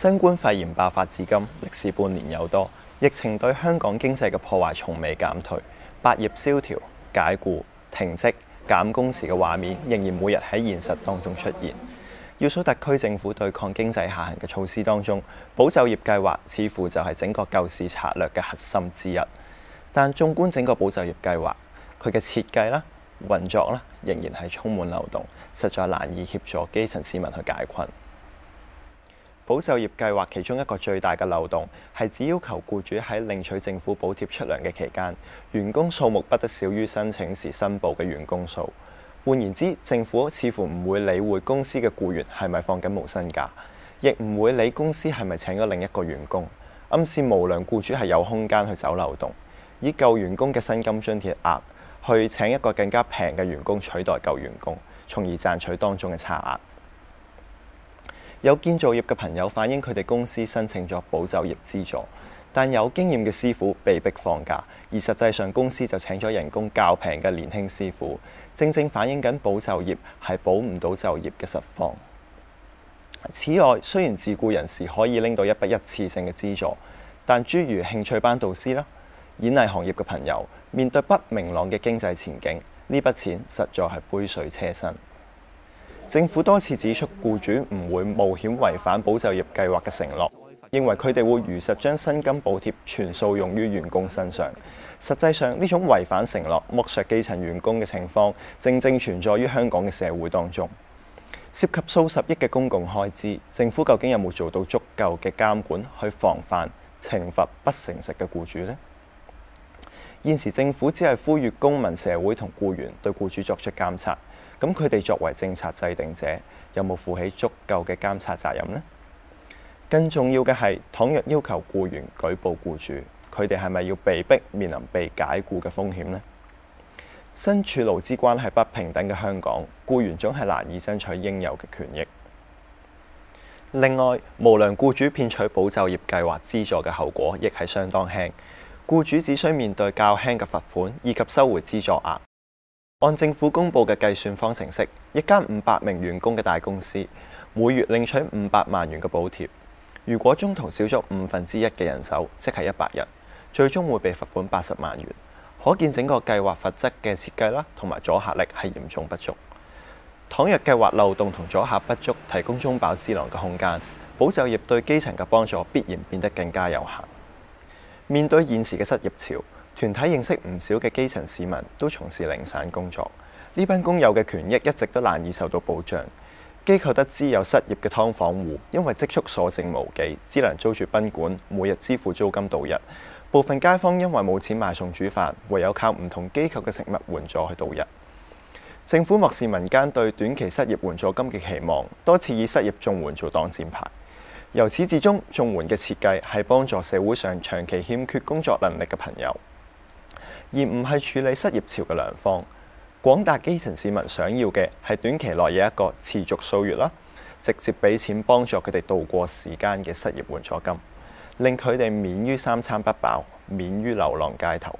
新冠肺炎爆發至今，歷時半年有多，疫情對香港經濟嘅破壞從未減退。百業蕭條、解僱、停職、減工時嘅畫面，仍然每日喺現實當中出現。要數特區政府對抗經濟下行嘅措施當中，保就業計劃似乎就係整個救市策略嘅核心之一。但縱觀整個保就業計劃，佢嘅設計啦、運作啦，仍然係充滿漏洞，實在難以協助基層市民去解困。保就業計劃，其中一個最大嘅漏洞係只要求僱主喺領取政府補貼出糧嘅期間，員工數目不得少於申請時申報嘅員工數。換言之，政府似乎唔會理會公司嘅僱員係咪放緊無薪假，亦唔會理公司係咪請咗另一個員工，暗示無良僱主係有空間去走漏洞，以舊員工嘅薪金津貼額去請一個更加平嘅員工取代舊員工，從而賺取當中嘅差額。有建造業嘅朋友反映，佢哋公司申請咗保就業資助，但有經驗嘅師傅被逼放假，而實際上公司就請咗人工較平嘅年輕師傅，正正反映緊保就業係保唔到就業嘅實況。此外，雖然自僱人士可以拎到一筆一次性嘅資助，但諸如興趣班導師啦、演藝行業嘅朋友面對不明朗嘅經濟前景，呢筆錢實在係杯水車薪。政府多次指出，僱主唔會冒險違反保就業計劃嘅承諾，認為佢哋會如實將薪金補貼全數用於員工身上。實際上，呢種違反承諾、剝削基層員工嘅情況，正正存在於香港嘅社會當中。涉及數十億嘅公共開支，政府究竟有冇做到足夠嘅監管去防範懲罰不誠實嘅僱主呢？現時政府只係呼籲公民社會同僱員對僱主作出監察。咁佢哋作為政策制定者，有冇負起足夠嘅監察責任呢？更重要嘅係，倘若要求僱員舉報僱主，佢哋係咪要被迫面臨被解僱嘅風險呢？身處勞資關係不平等嘅香港，僱員總係難以爭取應有嘅權益。另外，無良僱主騙取保就業計劃資助嘅後果，亦係相當輕。僱主只需面對較輕嘅罰款以及收回資助額。按政府公布嘅計算方程式，一間五百名員工嘅大公司，每月領取五百萬元嘅補貼。如果中途少咗五分之一嘅人手，即係一百人，最終會被罰款八十萬元。可見整個計劃罰則嘅設計啦，同埋阻嚇力係嚴重不足。倘若計劃漏洞同阻嚇不足，提供中飽私囊嘅空間，保就業對基層嘅幫助必然變得更加有限。面對現時嘅失業潮。團體認識唔少嘅基層市民，都從事零散工作。呢班工友嘅權益一直都難以受到保障。機構得知有失業嘅劏房戶，因為積蓄所剩無幾，只能租住賓館，每日支付租金度日。部分街坊因為冇錢買餸煮飯，唯有靠唔同機構嘅食物援助去度日。政府漠視民間對短期失業援助金嘅期望，多次以失業綜援做擋箭牌。由始至終，綜援嘅設計係幫助社會上長期欠缺工作能力嘅朋友。而唔係處理失業潮嘅良方，廣大基層市民想要嘅係短期內有一個持續數月啦，直接俾錢幫助佢哋度過時間嘅失業援助金，令佢哋免於三餐不飽，免於流浪街頭。